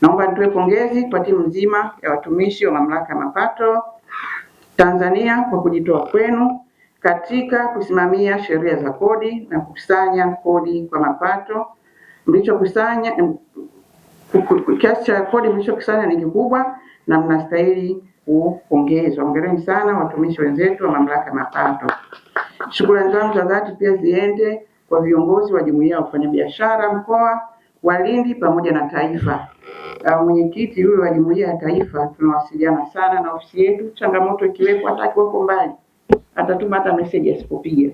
Naomba nitoe pongezi kwa timu nzima ya watumishi wa Mamlaka ya Mapato Tanzania kwa kujitoa kwenu katika kusimamia sheria za kodi na kukusanya kodi kwa mapato. Mlichokusanya, kiasi cha kodi mlichokusanya ni kikubwa na mnastahili kupongezwa. Hongereni sana watumishi wenzetu wa Mamlaka ya Mapato. Shukrani zangu za dhati pia ziende kwa viongozi wa Jumuiya ya Wafanyabiashara mkoa Walindi pamoja na taifa. Ah, mwenyekiti yule wa jumuiya ya taifa tunawasiliana sana na ofisi yetu, changamoto ikiwepo, hata akiwako mbali atatuma hata message asipopiga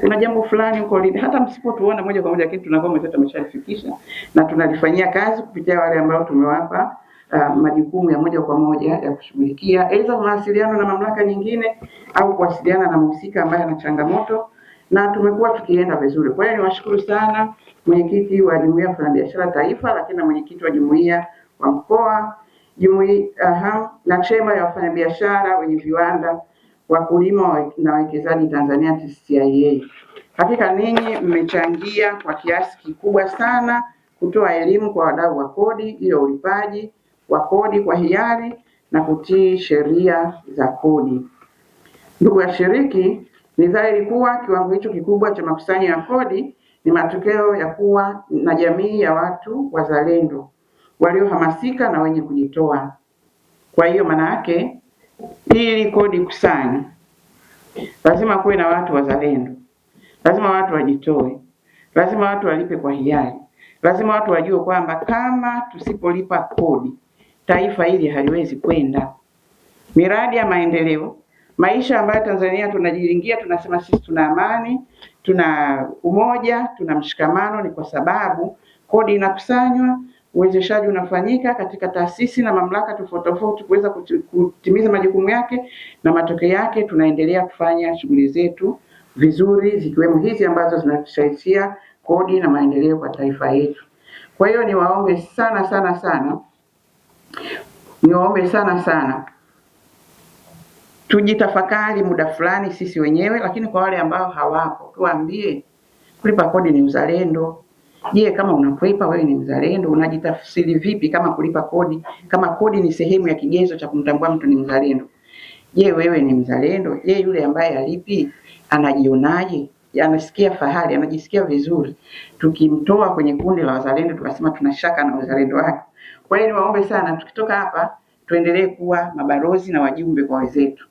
kuna jambo fulani huko Lindi, hata msipotuona moja kwa moja, lakini tunakuwa mwenzetu ameshalifikisha na tunalifanyia kazi kupitia wale ambao tumewapa uh, majukumu ya moja kwa moja ya kushughulikia, aidha mawasiliano na mamlaka nyingine au kuwasiliana na mhusika ambaye ana changamoto na tumekuwa tukienda vizuri. Kwa hiyo niwashukuru sana mwenyekiti wa jumuiya wafanyabiashara taifa, lakini na mwenyekiti wa jumuiya wa mkoa jumuiya, aha, uh-huh, na chama ya wafanyabiashara wenye viwanda wakulima na wawekezaji Tanzania TCCIA. Hakika ninyi mmechangia kwa kiasi kikubwa sana kutoa elimu kwa wadau wa kodi juu ya ulipaji wa kodi kwa hiari na kutii sheria za kodi. Ndugu washiriki, ni dhahiri kuwa kiwango hicho kikubwa cha makusanyo ya kodi ni matokeo ya kuwa na jamii ya watu wazalendo waliohamasika na wenye kujitoa. Kwa hiyo maana yake ili kodi kusanya, lazima kuwe na watu wazalendo, lazima watu wajitoe, lazima watu walipe kwa hiari, lazima watu wajue kwamba kama tusipolipa kodi taifa hili haliwezi kwenda. Miradi ya maendeleo maisha ambayo Tanzania tunajiringia, tunasema sisi tuna amani, tuna umoja, tuna mshikamano, ni kwa sababu kodi inakusanywa, uwezeshaji unafanyika katika taasisi na mamlaka tofauti tofauti kuweza kutimiza majukumu yake, na matokeo yake tunaendelea kufanya shughuli zetu vizuri, zikiwemo hizi ambazo zinasaidia kodi na maendeleo kwa taifa yetu. Kwa hiyo niwaombe sana sana sana, niwaombe sana sana tujitafakari muda fulani sisi wenyewe, lakini kwa wale ambao hawapo tuambie, kulipa kodi ni uzalendo. Je, kama unakuipa wewe ni mzalendo? Unajitafsiri vipi kama kulipa kodi, kama kodi ni sehemu ya kigezo cha kumtambua mtu ni mzalendo? Je, wewe ni mzalendo? Je, yule ambaye alipi anajionaje? Anasikia fahari, anajisikia vizuri? Tukimtoa kwenye kundi la wazalendo tukasema tunashaka na uzalendo wake. Kwa hiyo niwaombe sana, tukitoka hapa tuendelee kuwa mabalozi na wajumbe kwa wenzetu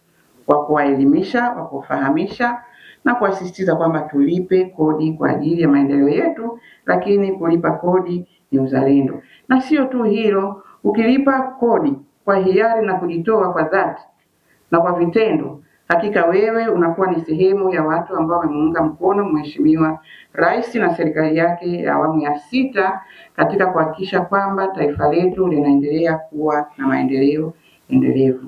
wa kuwaelimisha, wa kufahamisha na kuwasisitiza kwamba tulipe kodi kwa ajili ya maendeleo yetu, lakini kulipa kodi ni uzalendo. Na sio tu hilo, ukilipa kodi kwa hiari na kujitoa kwa dhati na kwa vitendo, hakika wewe unakuwa ni sehemu ya watu ambao wamemuunga mkono Mheshimiwa Rais na serikali yake ya awamu ya sita katika kuhakikisha kwamba taifa letu linaendelea kuwa na maendeleo endelevu.